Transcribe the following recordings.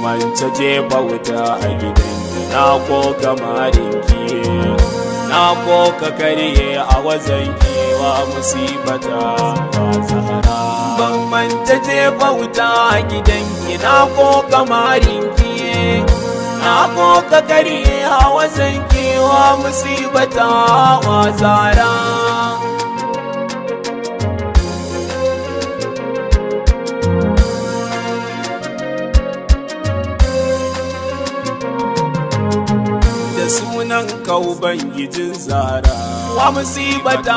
manta jefa wuta a gidan na ko kamarin ki na ko ka karye a wajen kewa musibata ba zahara ban manta je bauta a gidan ki na ko kamarin kiye na ko ka karye a wajen kewa musibata ba zahara yanka ubangijin zara wa musibata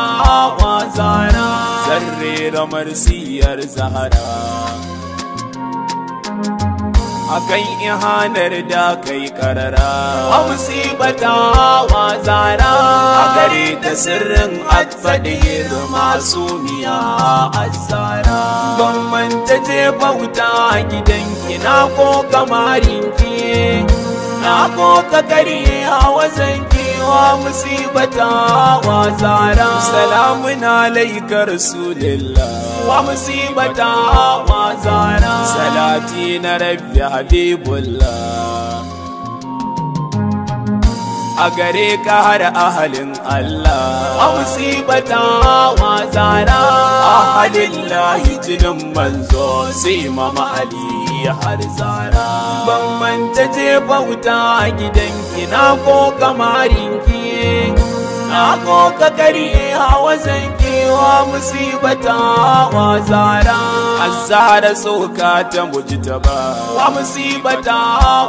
wa zara Zan da marsiyar zara akan ihanar da kai karara wa musibata wa zara a gare ta sirrin atfaɗi masu miya a zara ban manta je bauta gidanki na ko kamarinki na ko ka a wazan kewa musibata wa zara salamun alaika rasulillah wa musibata wa zara salati na rabbi habibullah a gare ka har ahalin Allah a musibata wa zara ahalin lahi jinin manzo sai mama ali har zara ban manta je bauta a gidanki na ko kamarinki na ko ka kare hawa wa musibata wa zara azara sauka ta ba wa musibata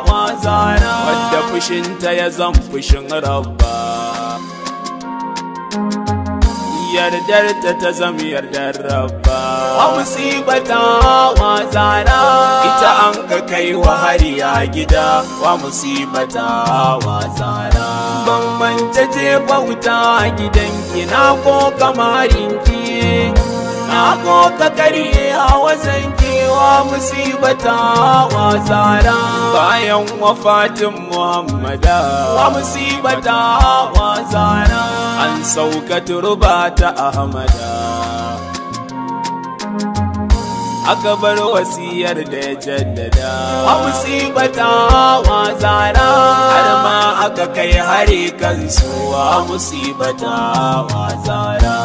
wa zara Wadda fushinta ya zan fushin rabba yardar ta ta zama yardar rabba a musibata wa tsara ita an ka kai wa hari a gida wa musibata wa tsara ta je bauta a gidan na ko ki. na ko ka karye a wazanki rayuwa musibata wa tsara bayan wafatin muhammada wa musibata wa tsara an sauka turba ta ahmada aka bar wasiyar da ya jaddada wa musibata wa tsara har ma aka kai hari kansu a musibata wa tsara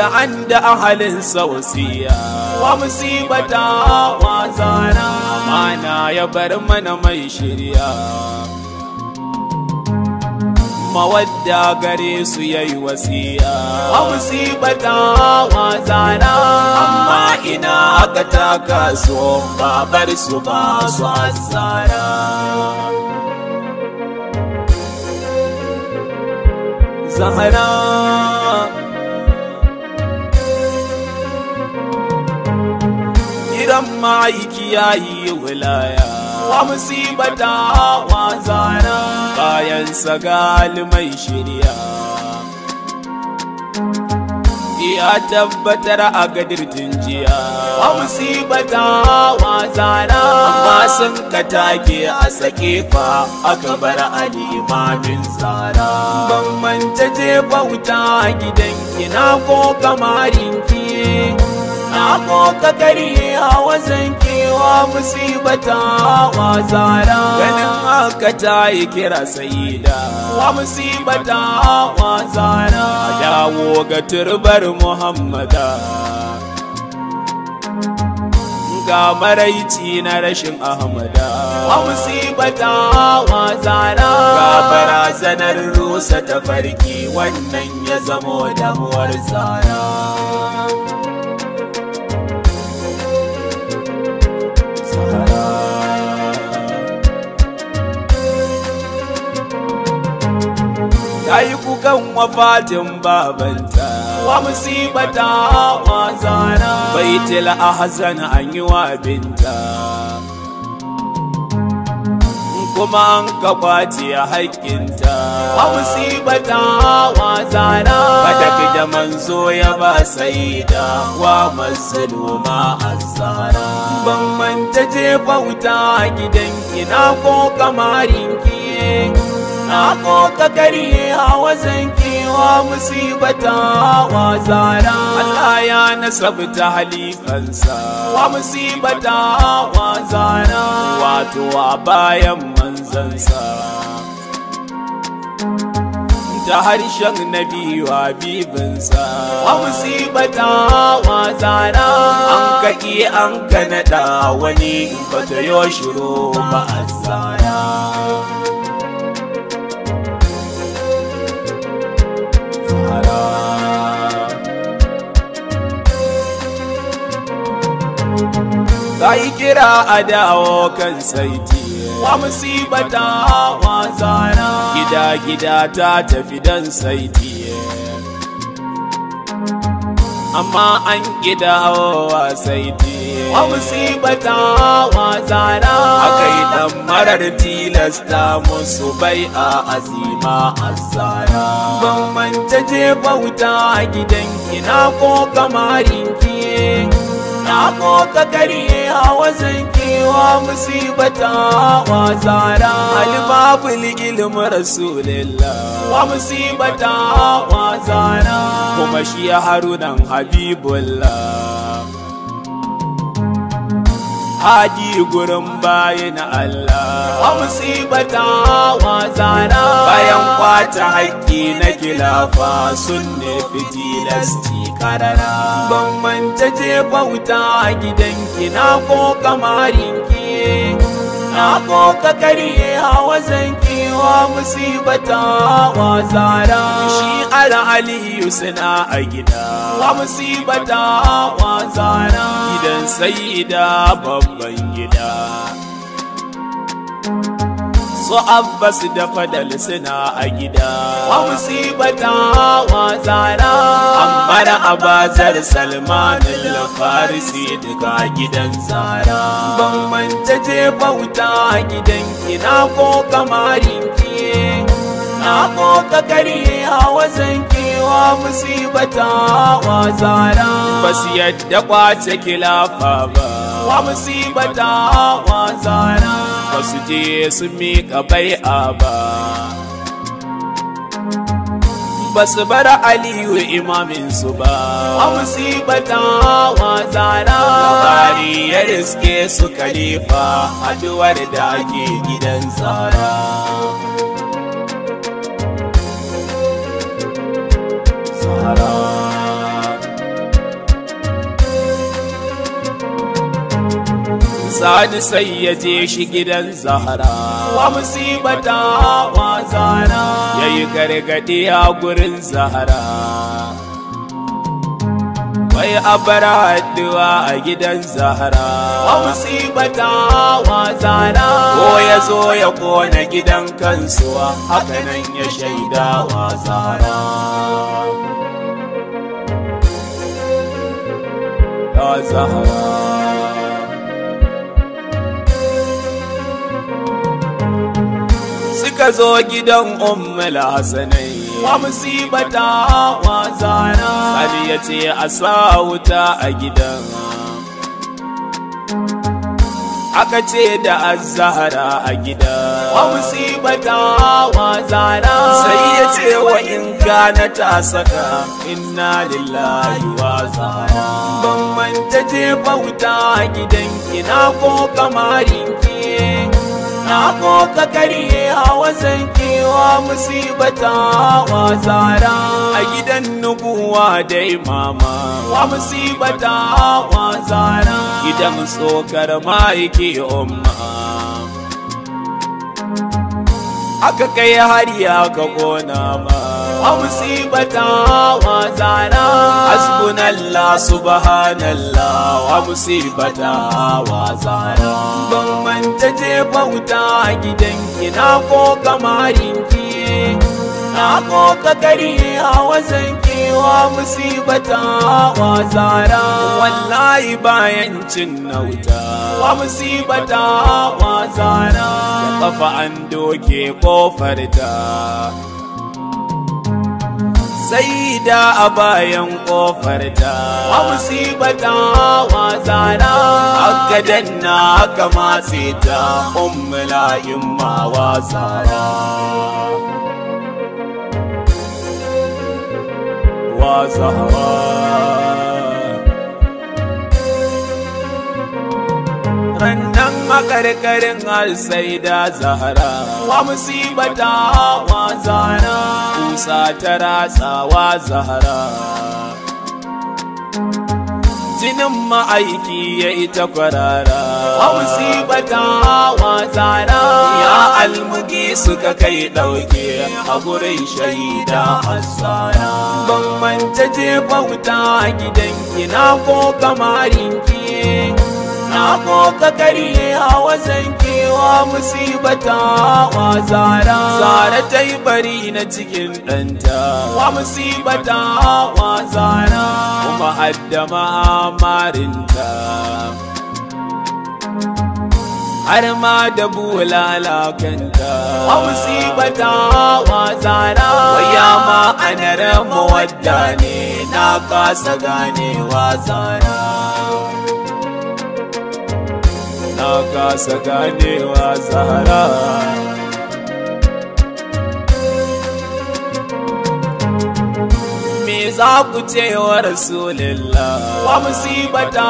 shar'an da ahalin sausiya wa musibata wa zana mana ya bar mana mai shirya mawadda gare su yayi wasiya wa musibata wa zana amma ina aka taka su babar su ba su asara zahara ma'aiki ya yi wilaya wa musibata wa zana bayan sagali mai shirya ya tabbatar a gadir jinjiya. wa musibata wa zana amma sun katake a sake fa aka bar alimamin tsara ban manta je bauta gidan kina ko kiye. na ka gari a wajen kewa musibata wa zara ganin haka ta yi kira sayida wa musibata wa zara dawo ga turbar muhammada ga maraici na rashin ahmada wa musibata wa zara ga barazanar rusa ta farki wannan ya zamo damuwar zara ta yi kukan wafatin babanta wa musibata wa zana baitul ahzan an yi wa binta kuma an ka kwace haƙƙinta wa musibata wa zana fadaki da manzo ya ba saida wa mazluma azara ban manta je bauta gidanki na ko kamarinki na ka karye a wazan kewa musibata wa zara Allah ya nasabta halifansa wa musibata wa zara wato a bayan manzansa ta harshen biyu a bibinsa wa musibata wa zara an kaki an kanada wani ba ta yo shiro ba a zara yi kira a dawo kan saiti wa musibata wa zana gida gida ta tafi dan saiti amma an gida wa saiti wa musibata wa zana aka yi dan marar tilasta musu bai a azima azara ban manta je bauta a gidan na ko kamarin kiye. na ko ka karye hawa zankewa musibata wa zara alibabul ilm rasulillah wa musibata wa zara kuma shi harunan habibullah hadi gurin bayin Allah wa musibata wa zara ta haƙƙi na kilafa sun ne tilasti karara ban manta je bauta a gidanki na ko kamarinki na ko ka karye hawa wa musibata wa zara. shi ala aliyu suna a gida wa musibata wa zara gidan sai babban gida su abbas da fadal suna a gida wa musibata wa zara ambar abazar salman al-farisi daga gidan zara ban manta je bauta gidan kina ko kamarin ki na ko kakari a wazan kewa musibata wa zara bas yadda kwace kilafa ba wa musibata wa zara ba su je su miƙa bai'a ba ba su bar aliyu imaminsu ba a musibata wa zara labari ya riske su kalifa haduwar da ake gidan zara tsara sani sai ya je shi gidan zahara wa musibata wa zara ya yi gargaɗi a gurin Zahra. Wai abara addu'a a gidan zahara wa musibata wa zara ko ya zo ya kona gidan kansuwa hakanan ya shaida wa zara Ya Zahra. ka zo gidan ummul hasanai wa musibata wa zana har ya ce a sa wuta a gidan aka ce da azahara a gida. wa musibata wa zana sai ya ce wa in gana ta saka inna lillahi wa zana ban manta je bauta gidan ina ko kamari na ko ka karye hawa zankewa musibata wa zara a gidan nubuwa dai mama wa musibata wa zara gidan tsokar ma'aiki umma aka kai hari aka gona ma a musibatawa zara hasbunallah subhanallah wa musibatawa zara ban manta je bauta a gidanki na ko kamarinki na ko kakari a wazanki wa musibata wa zara wallahi bayan cin nauta wa musibata wa zara kafa an doke kofar ta sai da a bayan kofar ta a musibata wa zara aka danna aka matse ta ummula'in ma wa zara zara wannan makarkarin alsai da zahara wa musibata wa zahara kusa ta ratsawa zahara jinin ma'aiki ya ita kwarara wa musibata wa zara ya almugi suka kai dauke a gurin shaida hasara ban manta je bauta gidan na ko kamarinki na ko ka karye hawa kewa, musibata wa zara zara ta yi bari na cikin ɗanta wa musibata wa zara kuma addama amarinta har ma da bulala kanta a musibata wa zara waya ma anar mawadda ne na kasa ganewa zara na kasa ganewa zahara za ku ce wa rasulillah wa musibata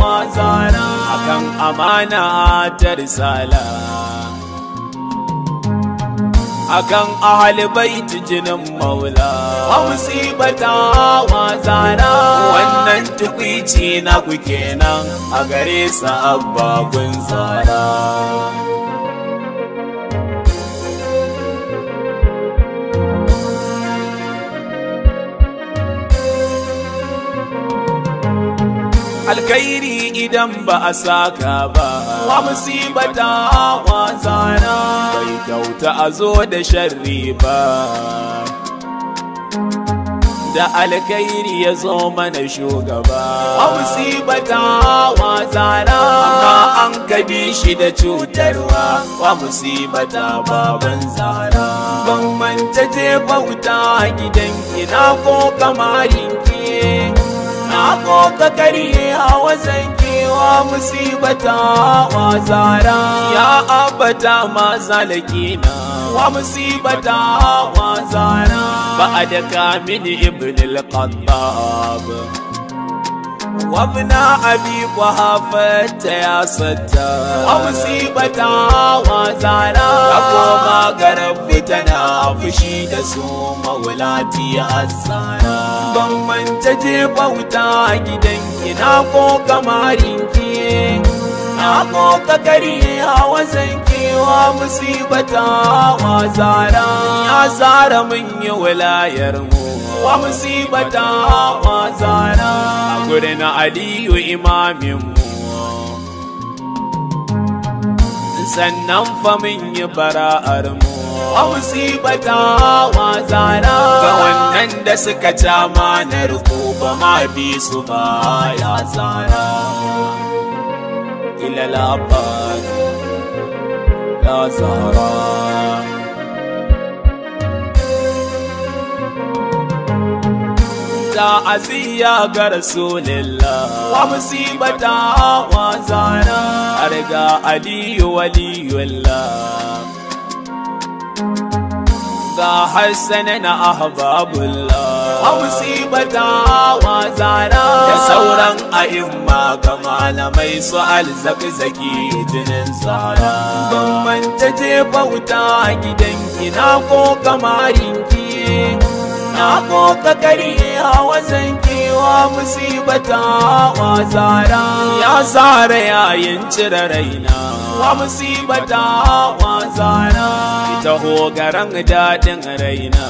wa zara akan amana ta risala akan baiti jinin maula hamsi bata wa zana wannan tukwici na ku kenan a gare sa abba kun zara alkhairi idan ba a saka ba wa musibata wa zana bai kyauta a zo da sharri ba da alkhairi ya zo mana shugaba wa musibata wa zana an kabi shi da cutarwa wa musibata ban zana ban manta je bauta gidan ina ko kamarinki ko a hawa kewa, musibata wa zara ya abata mazalaki na wa musibata wa zara ba a da kamini ibnil qabbab wa bna abi wa hafata ya satta wa musibata wa zara ka koma garabita na fushi da su maulati azzara ban ban je bauta gidanki na ko kamarinki na ko kakari a wasan wa musibata wa zara ya zara mun yi wilayar mu wa musibata wa zara a gurin aliyu imamin mu sannan fa mun yi bara'ar mu a musibata wa zara ga wannan da suka ca na ruku ba ma bi su ba ya zara ila ya zara Aziya ga rasulillah wa musibata wa zana arga aliyu waliyullah ga hassan na ahbabullah wa musibata wa zana da sauran a'imma ga malamai su alzakzaki jinin zara ban manta je bauta gidan na ko ki na ko ka a wajen kewa musibata wa zara ya zara yayin cire raina wa musibata wa zara ita hogaran daɗin raina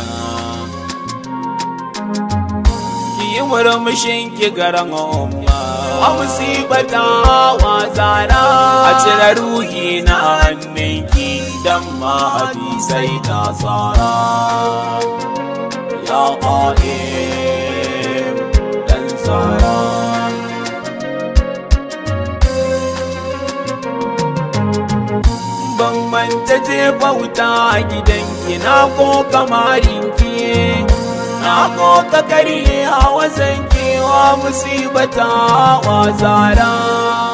ki yi murmushin ki garan umma wa musibata wa zara a cire ruhi na hannunki dan ma sai ta tsara ya zara ban manta je bauta a gidanki na ko kamarinki na ko ka karye a wasan kewa musibata wa zara